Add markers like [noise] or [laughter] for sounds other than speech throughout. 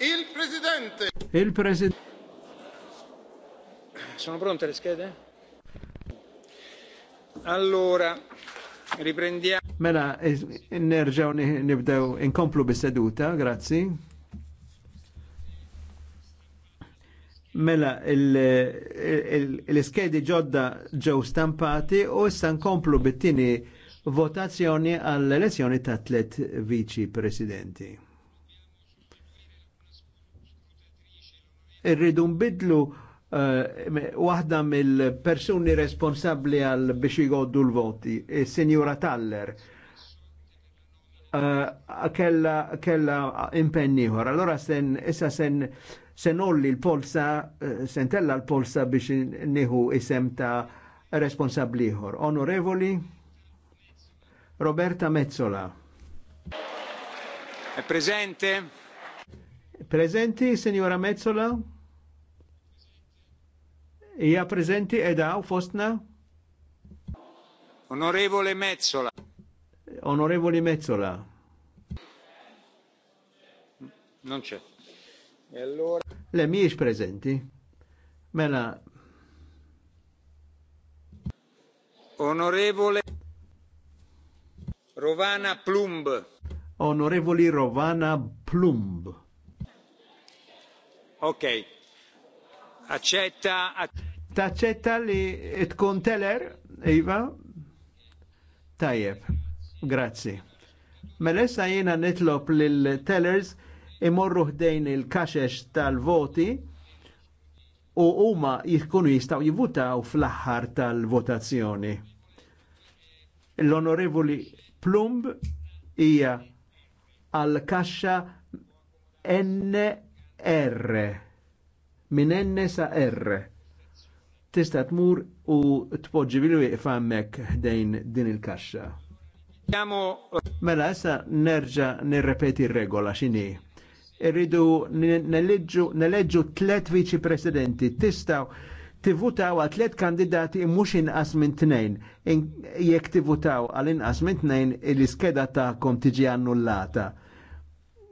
Il-Presidente! Il-Presidente! Sono pronte le schede? Allora, riprendiamo. Mela, nerġaw nibdew inkomplu bis-seduta, grazzi. Mela, l-iskedi ġodda ġew stampati u issa nkomplu bit-tini votazzjoni għall-elezzjoni ta' tlet viċi presidenti. irridu nbidlu uh, waħda mill-persuni responsabli għal biex jgħoddu l-voti, il-Sinjura eh, Taller. Uh, kella, kella impenniħor. Allora sen, issa sen, sen olli l-polsa, sen tella l-polsa biex niħu isem ta' responsabliħor. Onorevoli Roberta Mezzola. È presente? Prezenti, Senjora Mezzola? Ija prezenti u fostna? Onorevole Mezzola. Onorevole Mezzola. Non c'è. E allora... Le miex prezenti. Mela. Onorevole Rovana Plumb. Onorevoli Rovana Plumb. Ok. Accetta. Taċċetta li tkun teler, Iva? Tajjeb, grazzi. Melessa jena nitlob lil-tellers imorru ħdejn il-kaxex tal-voti u huma jkunu jistaw jivutaw fl-aħħar tal-votazzjoni. L-onorevoli Plumb hija għal kaxxa N R minn N sa R tista' tmur u tpoġġi bilu jqfamek ħdejn din il-kaxxa. Mela issa nerġa' nirrepeti r-regola x'inhi irridu neleġġu tlet viċi presidenti tistaw tivutaw għal tlet kandidati mhux inqas minn tnejn. Jekk tivutaw għal inqas minn tnejn, il iskeda tagħkom tiġi annullata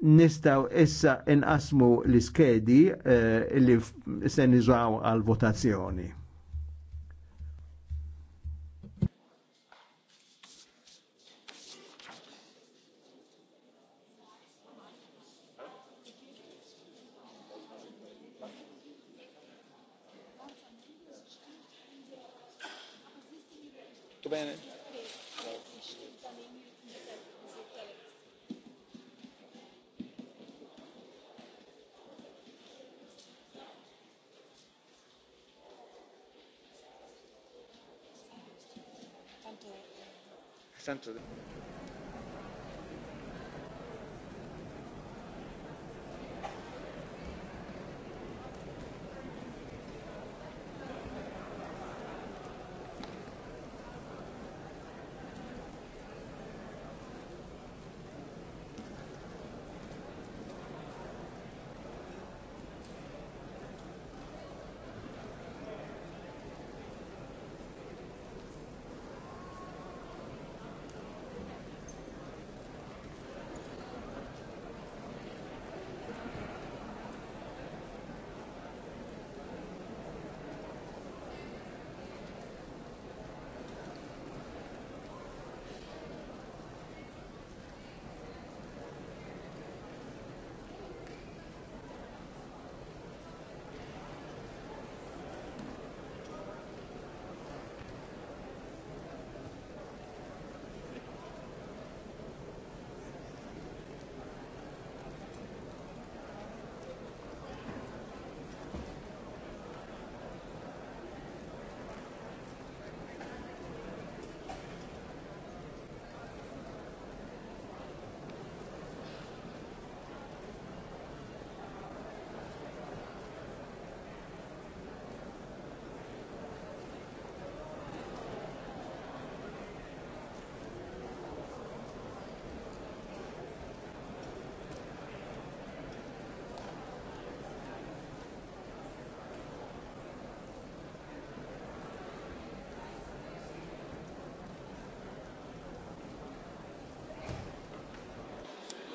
nistaw issa inqasmu l-iskedi eh, li se nizaw għal votazzjoni.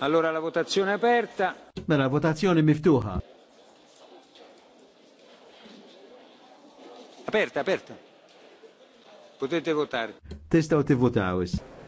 Allora la votazione è aperta. Mela votazione miftuħa. Aperta, aperta. Potete votare. Testa o te issa.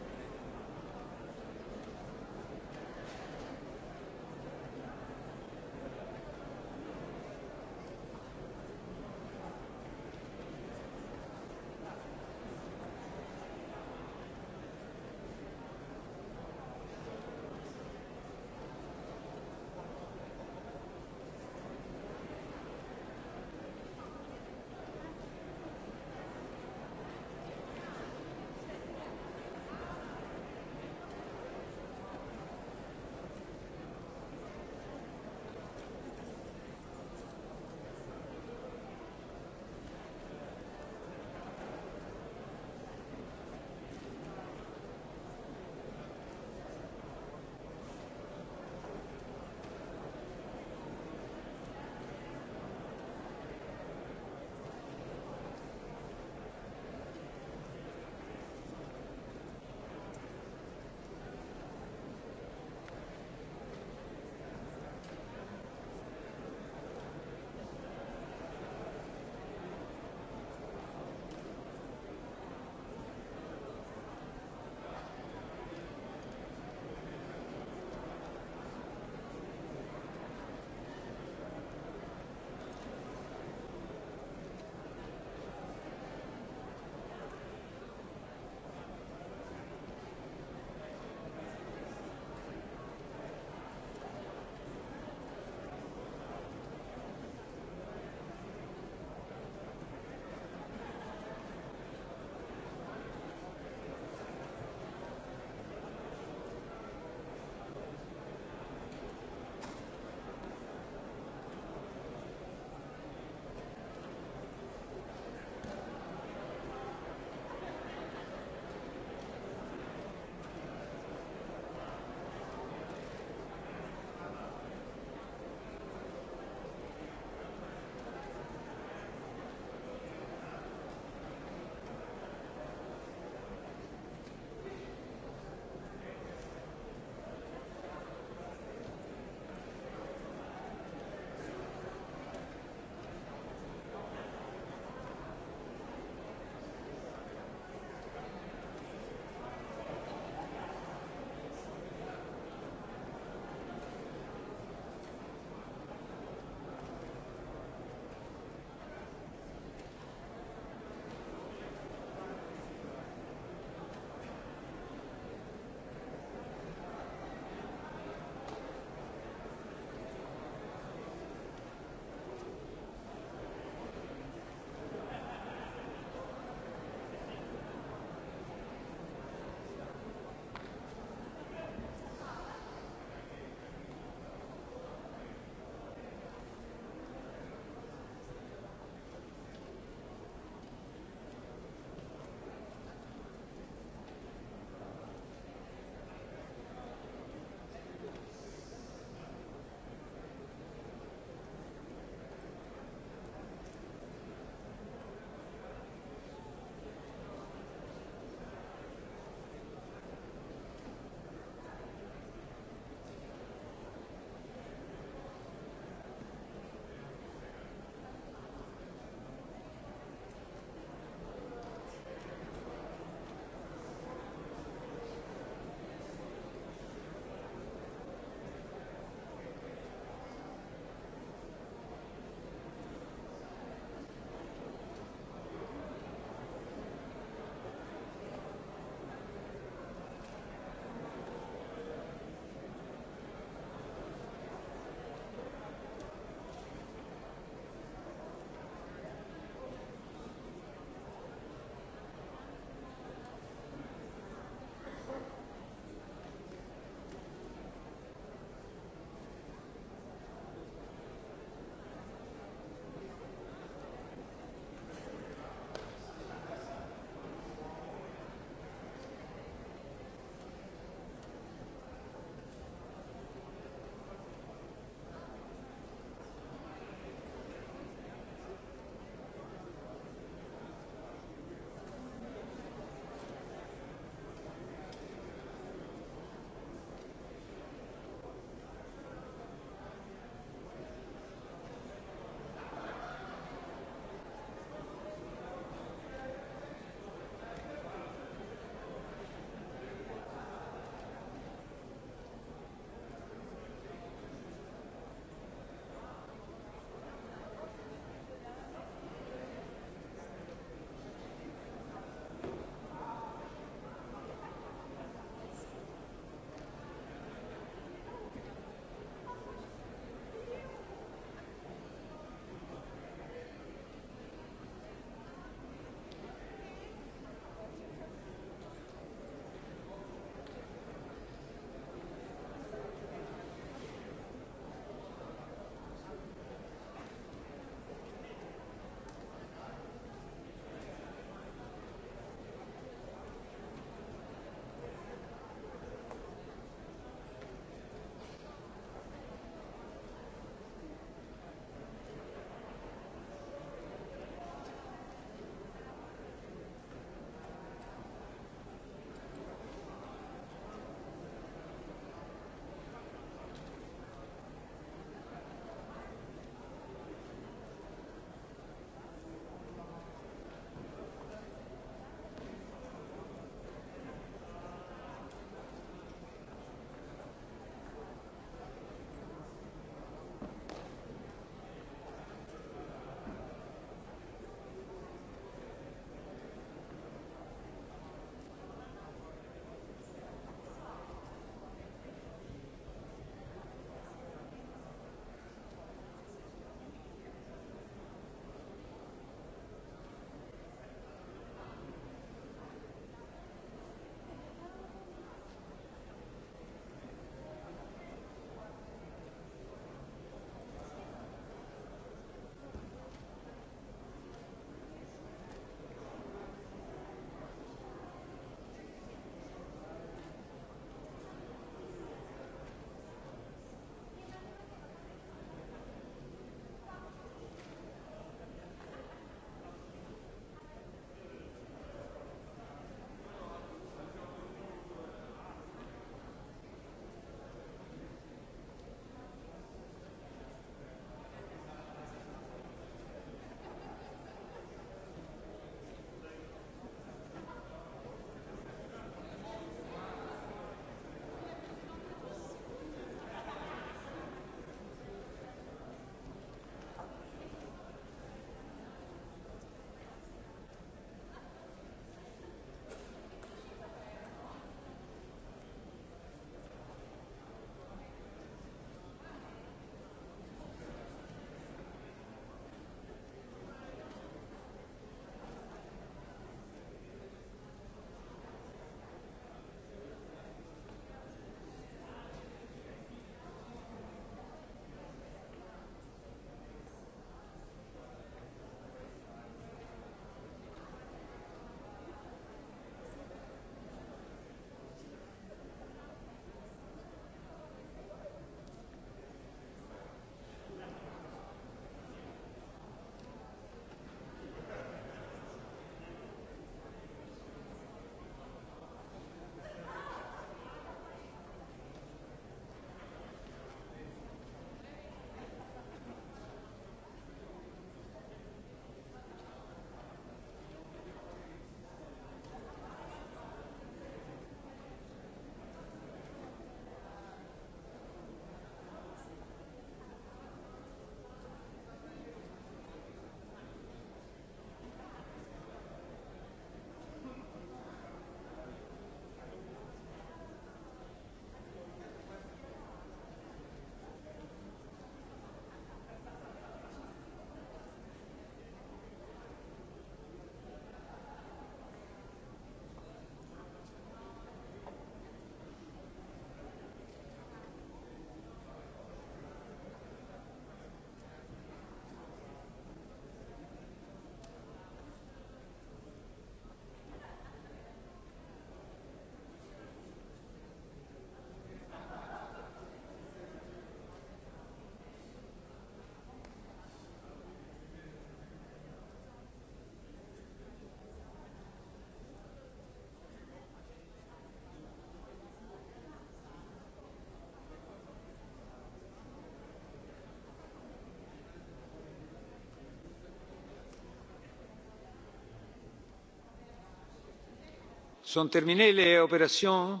sont terminées les opérations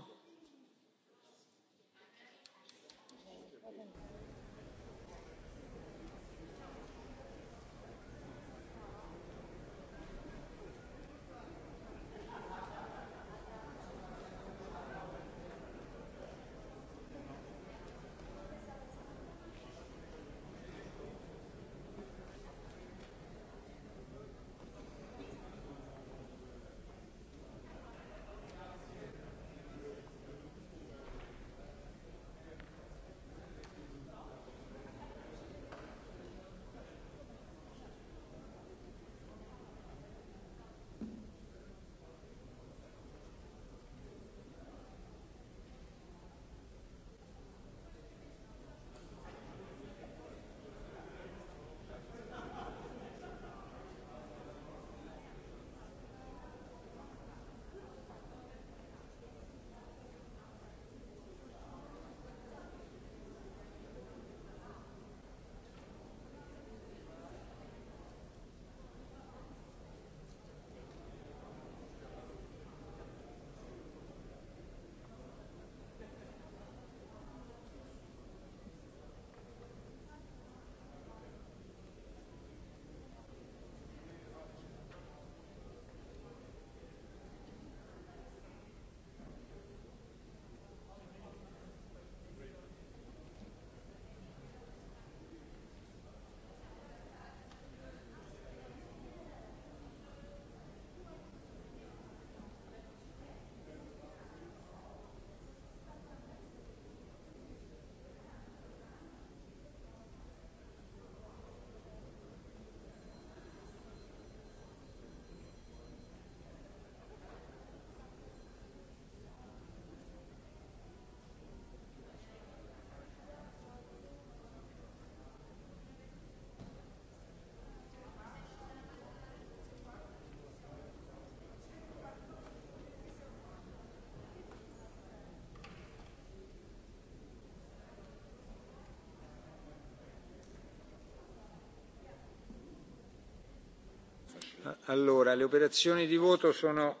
Allora, le operazioni di voto sono...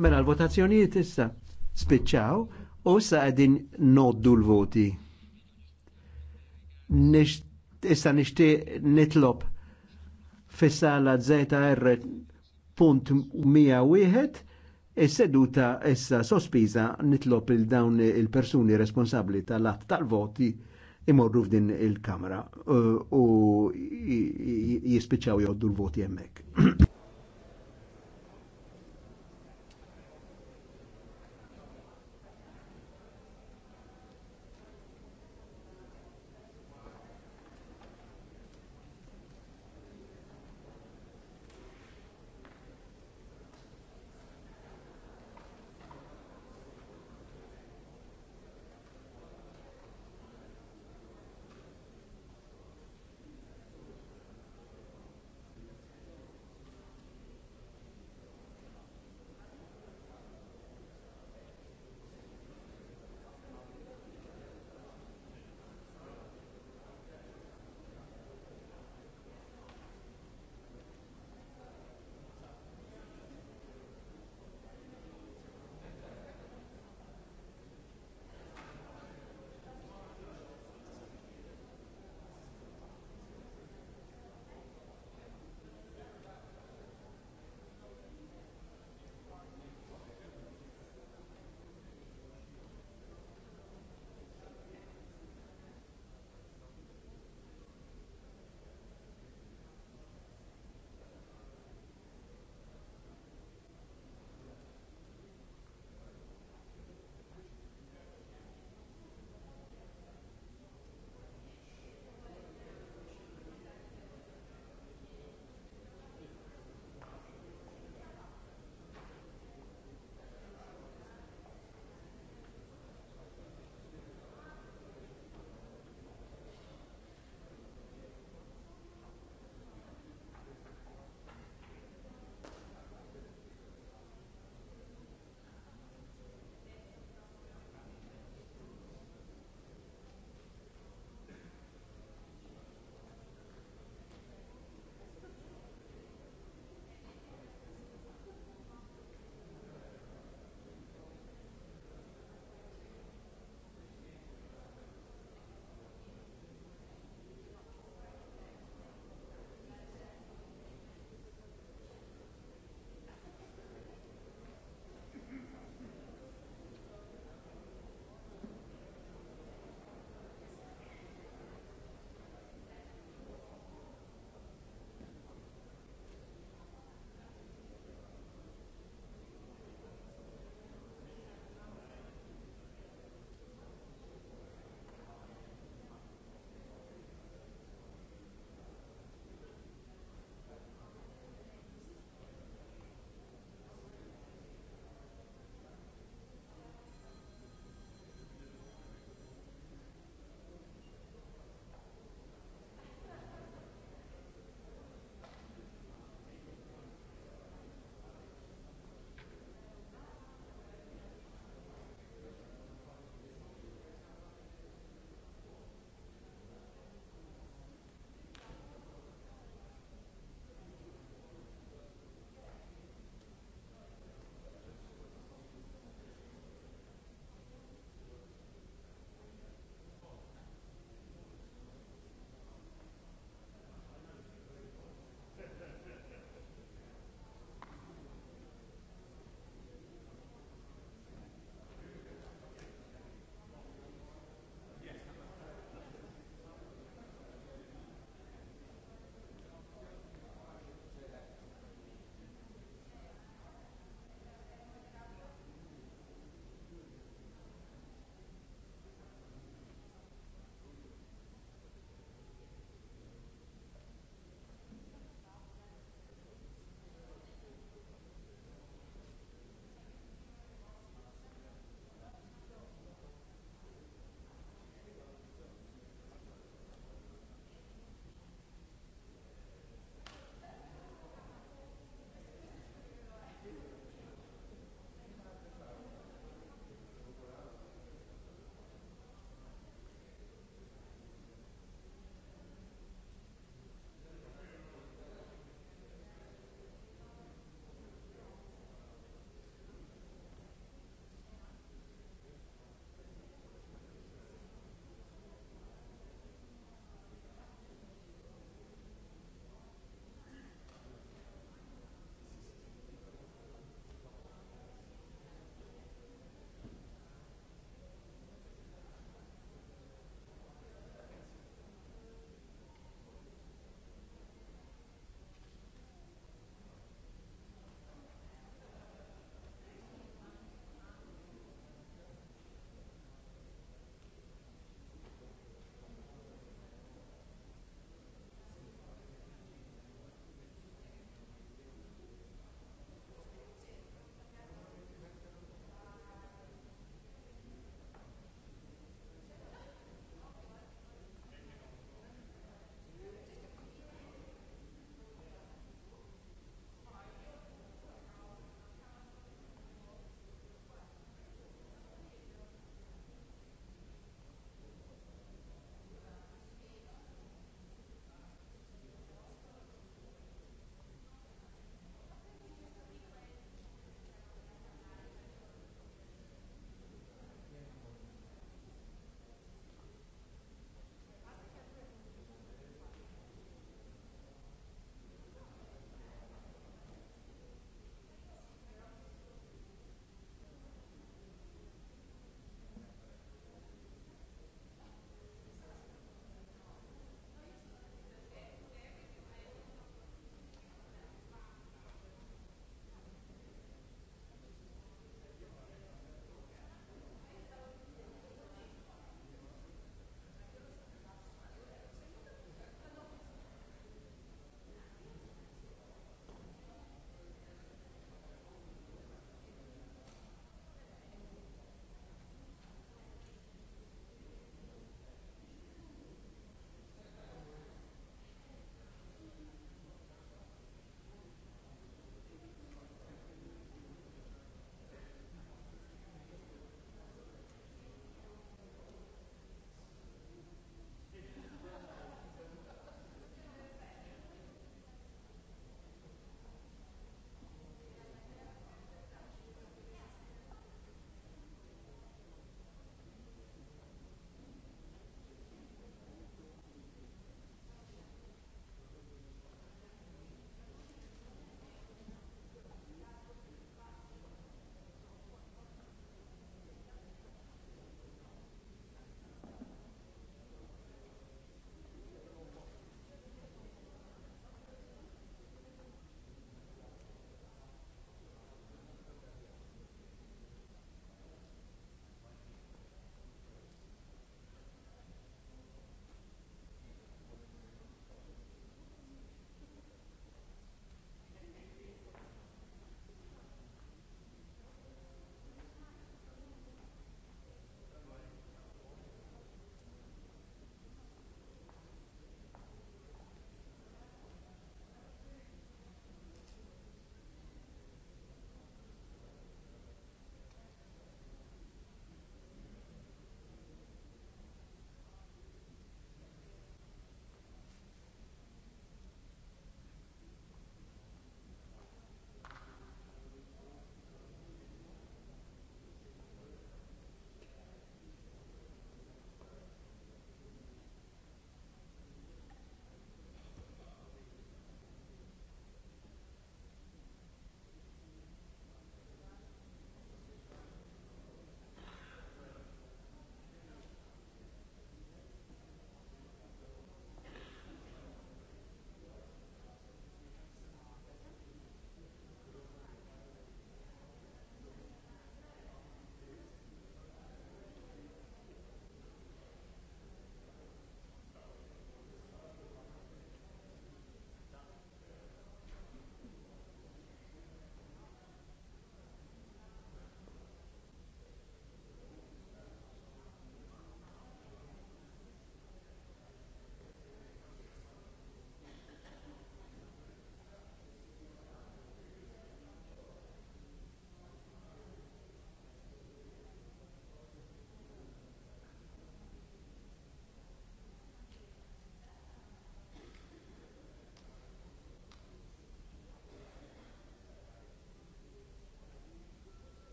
Mela, l-votazzjonijiet issa spiċċaw u issa qegħdin noddu l-voti. Issa nixtieq nitlob fis-sala ZR punt is-seduta issa sospiża nitlob il dawn il-persuni responsabbli tal-att tal-voti imorru f'din il-kamra uh, u jispiċċaw joddu l-voti hemmhekk. [clears throat]